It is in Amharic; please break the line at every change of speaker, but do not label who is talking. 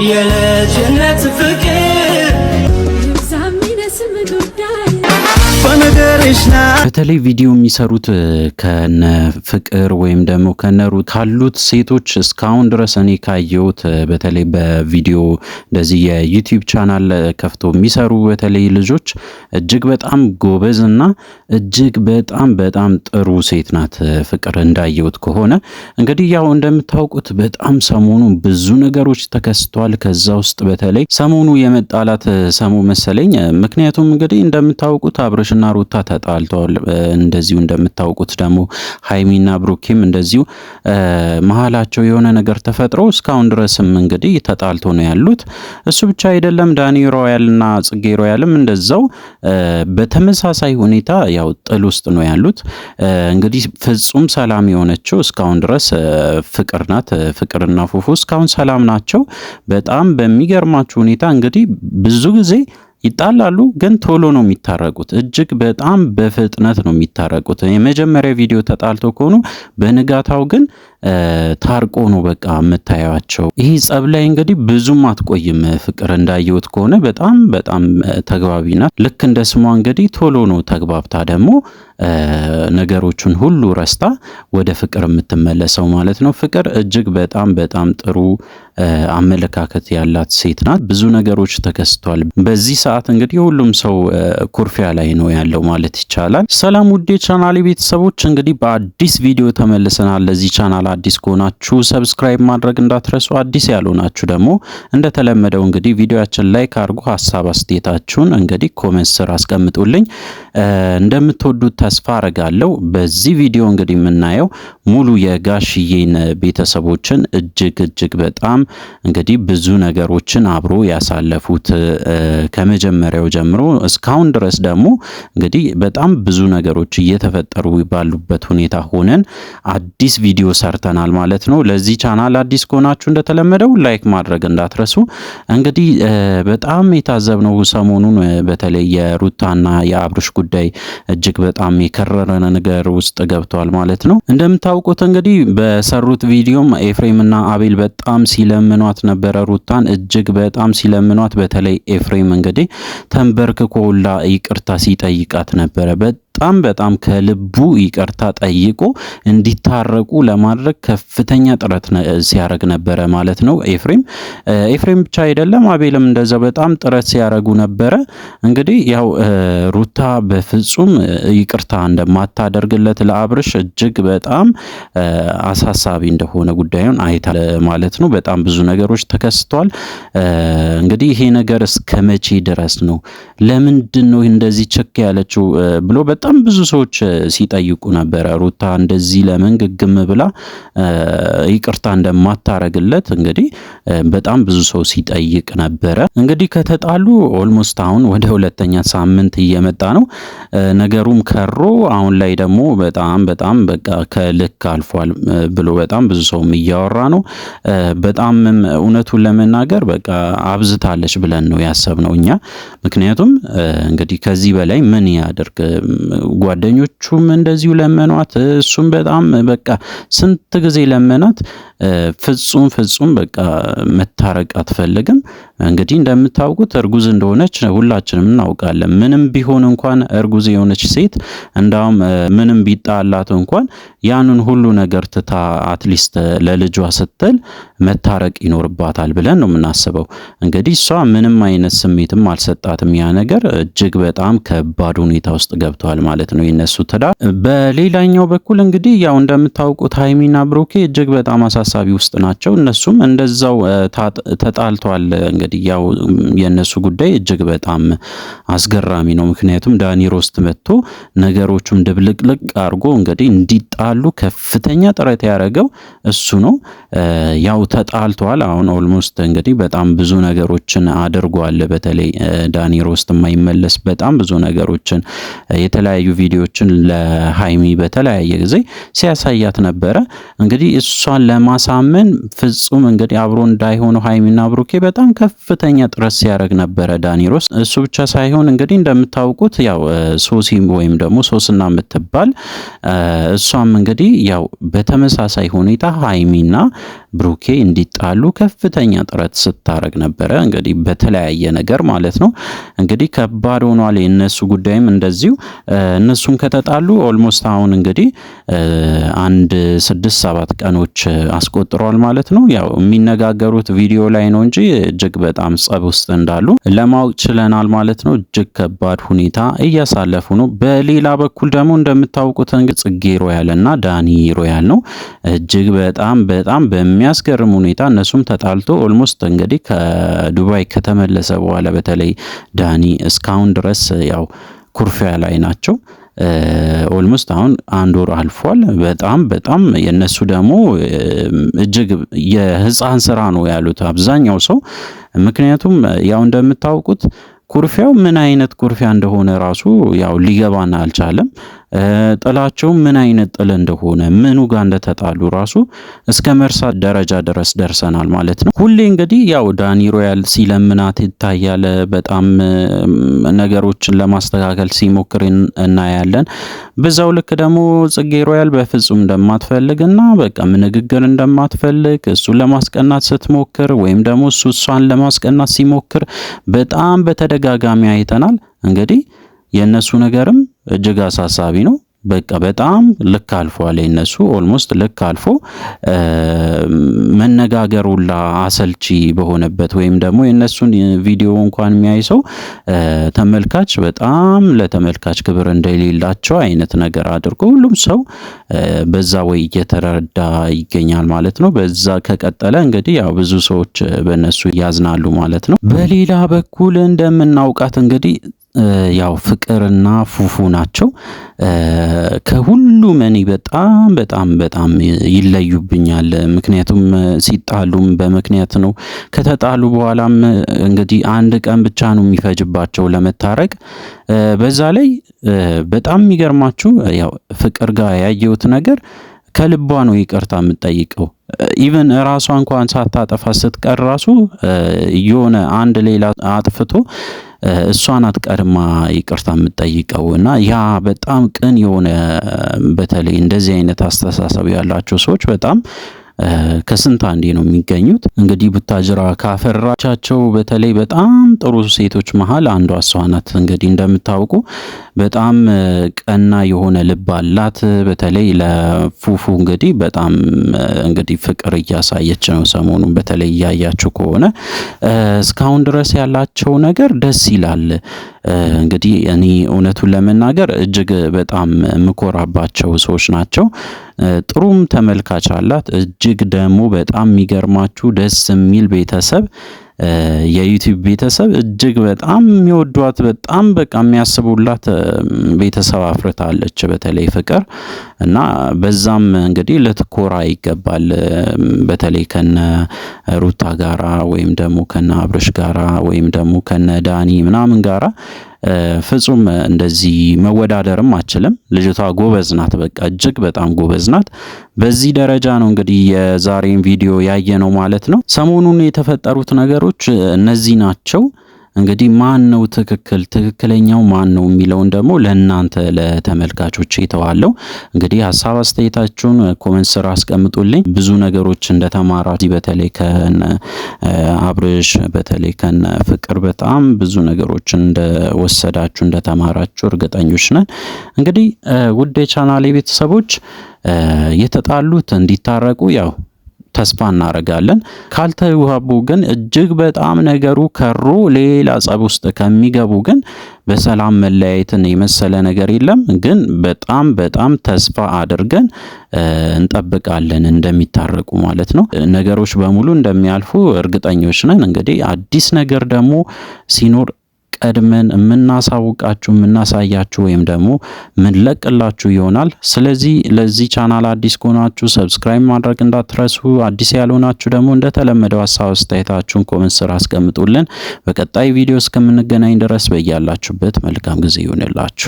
yeah, legend. you to forget. በተለይ ቪዲዮ የሚሰሩት ከነ ፍቅር ወይም ደግሞ ከነሩ ካሉት ሴቶች እስካሁን ድረስ እኔ ካየሁት በተለይ በቪዲዮ እንደዚህ የዩቲዩብ ቻናል ከፍቶ የሚሰሩ በተለይ ልጆች እጅግ በጣም ጎበዝ እና እጅግ በጣም በጣም ጥሩ ሴት ናት ፍቅር እንዳየሁት ከሆነ እንግዲህ ያው እንደምታውቁት በጣም ሰሞኑ ብዙ ነገሮች ተከስቷል። ከዛ ውስጥ በተለይ ሰሞኑ የመጣላት ሰሞ መሰለኝ። ምክንያቱም እንግዲህ እንደምታውቁት አብረሽና ሩት ሩታ ተጣልተዋል። እንደዚሁ እንደምታውቁት ደግሞ ሀይሚና ብሩኪም እንደዚሁ መሀላቸው የሆነ ነገር ተፈጥሮ እስካሁን ድረስም እንግዲህ ተጣልቶ ነው ያሉት። እሱ ብቻ አይደለም ዳኒ ሮያልና ጽጌ ሮያልም እንደዛው በተመሳሳይ ሁኔታ ያው ጥል ውስጥ ነው ያሉት። እንግዲህ ፍጹም ሰላም የሆነችው እስካሁን ድረስ ፍቅር ናት። ፍቅርና ፉፉ እስካሁን ሰላም ናቸው። በጣም በሚገርማችሁ ሁኔታ እንግዲህ ብዙ ጊዜ ይጣላሉ፣ ግን ቶሎ ነው የሚታረቁት። እጅግ በጣም በፍጥነት ነው የሚታረቁት። የመጀመሪያ ቪዲዮ ተጣልቶ ከሆኑ በንጋታው ግን ታርቆ ነው በቃ የምታያቸው። ይህ ጸብ ላይ እንግዲህ ብዙም አትቆይም ፍቅር እንዳየሁት ከሆነ በጣም በጣም ተግባቢ ናት። ልክ እንደ ስሟ እንግዲህ ቶሎ ነው ተግባብታ ደግሞ ነገሮቹን ሁሉ ረስታ ወደ ፍቅር የምትመለሰው ማለት ነው። ፍቅር እጅግ በጣም በጣም ጥሩ አመለካከት ያላት ሴት ናት። ብዙ ነገሮች ተከስቷል። በዚህ ሰዓት እንግዲህ ሁሉም ሰው ኩርፊያ ላይ ነው ያለው ማለት ይቻላል። ሰላም ውዴ ቻናሌ ቤተሰቦች እንግዲህ በአዲስ ቪዲዮ ተመልሰናል። ለዚህ ቻናል ቻናል አዲስ ከሆናችሁ ሰብስክራይብ ማድረግ እንዳትረሱ። አዲስ ያልሆናችሁ ደግሞ እንደተለመደው እንግዲህ ቪዲዮያችን ላይ ካርጎ ሀሳብ አስተያየታችሁን እንግዲህ ኮሜንት ስር አስቀምጡልኝ። እንደምትወዱት ተስፋ አረጋለሁ። በዚህ ቪዲዮ እንግዲህ የምናየው ሙሉ የጋሽዬን ቤተሰቦችን እጅግ እጅግ በጣም እንግዲህ ብዙ ነገሮችን አብሮ ያሳለፉት ከመጀመሪያው ጀምሮ እስካሁን ድረስ ደግሞ እንግዲህ በጣም ብዙ ነገሮች እየተፈጠሩ ባሉበት ሁኔታ ሆነን አዲስ ቪዲዮ ሰርተን ሰርተናል ማለት ነው። ለዚህ ቻናል አዲስ ከሆናችሁ እንደተለመደው ላይክ ማድረግ እንዳትረሱ። እንግዲህ በጣም የታዘብነው ሰሞኑን በተለይ የሩታና የአብርሽ ጉዳይ እጅግ በጣም የከረረ ነገር ውስጥ ገብቷል ማለት ነው። እንደምታውቁት እንግዲህ በሰሩት ቪዲዮም ኤፍሬምና አቤል በጣም ሲለምኗት ነበረ። ሩታን እጅግ በጣም ሲለምኗት፣ በተለይ ኤፍሬም እንግዲህ ተንበርክኮ ሁላ ይቅርታ ሲጠይቃት ነበረ። በጣም በጣም ከልቡ ይቅርታ ጠይቆ እንዲታረቁ ለማድረግ ከፍተኛ ጥረት ሲያደርግ ነበረ ማለት ነው። ኤፍሬም ኤፍሬም ብቻ አይደለም፣ አቤልም እንደዛ በጣም ጥረት ሲያደርጉ ነበረ። እንግዲህ ያው ሩታ በፍጹም ይቅርታ እንደማታደርግለት ለአብርሽ እጅግ በጣም አሳሳቢ እንደሆነ ጉዳዩን አይታ ማለት ነው። በጣም ብዙ ነገሮች ተከስተዋል። እንግዲህ ይሄ ነገር እስከ መቼ ድረስ ነው? ለምንድን ነው እንደዚህ ችክ ያለችው ብሎ በጣም በጣም ብዙ ሰዎች ሲጠይቁ ነበረ። ሩታ እንደዚህ ለምን ግግም ብላ ይቅርታ እንደማታረግለት እንግዲህ በጣም ብዙ ሰው ሲጠይቅ ነበረ። እንግዲህ ከተጣሉ ኦልሞስት አሁን ወደ ሁለተኛ ሳምንት እየመጣ ነው። ነገሩም ከሮ አሁን ላይ ደግሞ በጣም በጣም በቃ ከልክ አልፏል ብሎ በጣም ብዙ ሰውም እያወራ ነው። በጣም እውነቱን ለመናገር በቃ አብዝታለች ብለን ነው ያሰብነው እኛ። ምክንያቱም እንግዲህ ከዚህ በላይ ምን ያደርግ ጓደኞቹም እንደዚሁ ለመኗት። እሱም በጣም በቃ ስንት ጊዜ ለመናት። ፍጹም ፍጹም በቃ መታረቅ አትፈልግም። እንግዲህ እንደምታውቁት እርጉዝ እንደሆነች ሁላችንም እናውቃለን። ምንም ቢሆን እንኳን እርጉዝ የሆነች ሴት እንዳውም ምንም ቢጣላት እንኳን ያንን ሁሉ ነገር ትታ አትሊስት ለልጇ ስትል መታረቅ ይኖርባታል ብለን ነው የምናስበው። እንግዲህ እሷ ምንም አይነት ስሜትም አልሰጣትም። ያ ነገር እጅግ በጣም ከባድ ሁኔታ ውስጥ ገብቷል ማለት ነው የነሱ ትዳር። በሌላኛው በኩል እንግዲህ ያው እንደምታውቁት ሀይሚና ብሩኬ እጅግ በጣም አሳ ታሳቢ ውስጥ ናቸው። እነሱም እንደዛው ተጣልተዋል። እንግዲህ ያው የእነሱ ጉዳይ እጅግ በጣም አስገራሚ ነው። ምክንያቱም ዳኒ ሮስት መጥቶ ነገሮቹም ድብልቅልቅ አድርጎ እንግዲህ እንዲጣሉ ከፍተኛ ጥረት ያደረገው እሱ ነው። ያው ተጣልተዋል። አሁን ኦልሞስት እንግዲህ በጣም ብዙ ነገሮችን አድርጓል። በተለይ ዳኒ ሮስት የማይመለስ በጣም ብዙ ነገሮችን የተለያዩ ቪዲዮዎችን ለሃይሚ በተለያየ ጊዜ ሲያሳያት ነበረ እንግዲህ እሷን ለማ ለማሳመን ፍጹም እንግዲህ አብሮ እንዳይሆኑ ሀይሚና ብሩኬ በጣም ከፍተኛ ጥረት ሲያደርግ ነበረ ዳኒሮስ። እሱ ብቻ ሳይሆን እንግዲህ እንደምታውቁት ያው ሶሲ ወይም ደግሞ ሶስና የምትባል እሷም እንግዲህ ያው በተመሳሳይ ሁኔታ ሀይሚና ብሩኬ እንዲጣሉ ከፍተኛ ጥረት ስታረግ ነበረ። እንግዲህ በተለያየ ነገር ማለት ነው። እንግዲህ ከባድ ሆኗል የእነሱ ጉዳይም እንደዚሁ እነሱም ከተጣሉ ኦልሞስት አሁን እንግዲህ አንድ ስድስት ሰባት ቀኖች አስቆጥሯል ማለት ነው። ያው የሚነጋገሩት ቪዲዮ ላይ ነው እንጂ እጅግ በጣም ጸብ ውስጥ እንዳሉ ለማወቅ ችለናል ማለት ነው። እጅግ ከባድ ሁኔታ እያሳለፉ ነው። በሌላ በኩል ደግሞ እንደምታውቁት ጽጌ ሮያል እና ዳኒ ሮያል ነው እጅግ በጣም በጣም በሚ በሚያስገርም ሁኔታ እነሱም ተጣልቶ ኦልሞስት እንግዲህ ከዱባይ ከተመለሰ በኋላ በተለይ ዳኒ እስካሁን ድረስ ያው ኩርፊያ ላይ ናቸው። ኦልሞስት አሁን አንድ ወር አልፏል። በጣም በጣም የነሱ ደግሞ እጅግ የህፃን ስራ ነው ያሉት አብዛኛው ሰው። ምክንያቱም ያው እንደምታውቁት ኩርፊያው ምን አይነት ኩርፊያ እንደሆነ ራሱ ያው ሊገባን አልቻለም። ጥላቸው ምን አይነት ጥል እንደሆነ ምኑ ጋር እንደተጣሉ ራሱ እስከ መርሳት ደረጃ ድረስ ደርሰናል ማለት ነው። ሁሌ እንግዲህ ያው ዳኒ ሮያል ሲለምናት ይታያል። በጣም ነገሮችን ለማስተካከል ሲሞክር እናያለን። በዛው ልክ ደግሞ ጽጌ ሮያል በፍጹም እንደማትፈልግ እና በቃ ንግግር እንደማትፈልግ እሱን ለማስቀናት ስትሞክር ወይም ደግሞ እሱ እሷን ለማስቀናት ሲሞክር በጣም በተደጋጋሚ አይተናል። እንግዲህ የእነሱ ነገርም እጅግ አሳሳቢ ነው። በቃ በጣም ልክ አልፏል። እነሱ ኦልሞስት ልክ አልፎ መነጋገሩላ አሰልቺ በሆነበት ወይም ደግሞ የእነሱን ቪዲዮ እንኳን የሚያይ ሰው ተመልካች በጣም ለተመልካች ክብር እንደሌላቸው አይነት ነገር አድርጎ ሁሉም ሰው በዛ ወይ እየተረዳ ይገኛል ማለት ነው። በዛ ከቀጠለ እንግዲህ ያው ብዙ ሰዎች በእነሱ ያዝናሉ ማለት ነው። በሌላ በኩል እንደምናውቃት እንግዲህ ያው ፍቅርና ፉፉ ናቸው። ከሁሉም እኔ በጣም በጣም በጣም ይለዩብኛል። ምክንያቱም ሲጣሉም በምክንያት ነው። ከተጣሉ በኋላም እንግዲህ አንድ ቀን ብቻ ነው የሚፈጅባቸው ለመታረቅ። በዛ ላይ በጣም የሚገርማችሁ ያው ፍቅር ጋር ያየሁት ነገር ከልቧ ነው ይቅርታ የምጠይቀው። ኢቨን ራሷ እንኳን ሳታጠፋ ስትቀር ራሱ የሆነ አንድ ሌላ አጥፍቶ እሷ ናት ቀድማ ይቅርታ የምጠይቀው እና ያ በጣም ቅን የሆነ በተለይ እንደዚህ አይነት አስተሳሰብ ያላቸው ሰዎች በጣም ከስንት አንዴ ነው የሚገኙት። እንግዲህ ቡታጅራ ካፈራቻቸው በተለይ በጣም ጥሩ ሴቶች መሀል አንዷ እሷ ናት። እንግዲህ እንደምታውቁ በጣም ቀና የሆነ ልብ አላት። በተለይ ለፉፉ እንግዲህ በጣም እንግዲህ ፍቅር እያሳየች ነው ሰሞኑን። በተለይ እያያችሁ ከሆነ እስካሁን ድረስ ያላቸው ነገር ደስ ይላል። እንግዲህ እኔ እውነቱን ለመናገር እጅግ በጣም የምኮራባቸው ሰዎች ናቸው። ጥሩም ተመልካች አላት እጅ እጅግ ደግሞ በጣም የሚገርማችሁ ደስ የሚል ቤተሰብ የዩቲዩብ ቤተሰብ እጅግ በጣም የሚወዷት በጣም በቃ የሚያስቡላት ቤተሰብ አፍርታለች። በተለይ ፍቅር እና በዛም እንግዲህ ልትኮራ ይገባል። በተለይ ከነ ሩታ ጋራ ወይም ደግሞ ከነ አብርሽ ጋራ ወይም ደግሞ ከነ ዳኒ ምናምን ጋራ ፍጹም እንደዚህ መወዳደርም አችልም። ልጅቷ ጎበዝ ናት፣ በቃ እጅግ በጣም ጎበዝ ናት። በዚህ ደረጃ ነው እንግዲህ የዛሬን ቪዲዮ ያየ ነው ማለት ነው። ሰሞኑን የተፈጠሩት ነገሮች እነዚህ ናቸው። እንግዲህ ማን ነው ትክክል ትክክለኛው ማን ነው የሚለውን ደግሞ ለእናንተ ለተመልካቾች የተዋለው። እንግዲህ ሀሳብ አስተያየታችሁን ኮመንት ስራ አስቀምጡልኝ። ብዙ ነገሮች እንደተማራችሁ በተለይ ከነ አብርሽ በተለይ ከነ ፍቅር በጣም ብዙ ነገሮች እንደወሰዳችሁ እንደተማራችሁ እርግጠኞች ነን። እንግዲህ ውድ የቻናሌ ቤተሰቦች የተጣሉት እንዲታረቁ ያው ተስፋ እናደርጋለን። ካልተዋቡ ግን እጅግ በጣም ነገሩ ከሩ ሌላ ጸብ ውስጥ ከሚገቡ ግን በሰላም መለያየትን የመሰለ ነገር የለም። ግን በጣም በጣም ተስፋ አድርገን እንጠብቃለን እንደሚታረቁ ማለት ነው። ነገሮች በሙሉ እንደሚያልፉ እርግጠኞች ነን። እንግዲህ አዲስ ነገር ደግሞ ሲኖር ቀድመን የምናሳውቃችሁ የምናሳያችሁ ወይም ደግሞ ምንለቅላችሁ ይሆናል። ስለዚህ ለዚህ ቻናል አዲስ ከሆናችሁ ሰብስክራይብ ማድረግ እንዳትረሱ። አዲስ ያልሆናችሁ ደግሞ እንደተለመደው ሀሳብ አስተያየታችሁን ኮመንት ስር አስቀምጡልን። በቀጣይ ቪዲዮ እስከምንገናኝ ድረስ በያላችሁበት መልካም ጊዜ ይሁንላችሁ።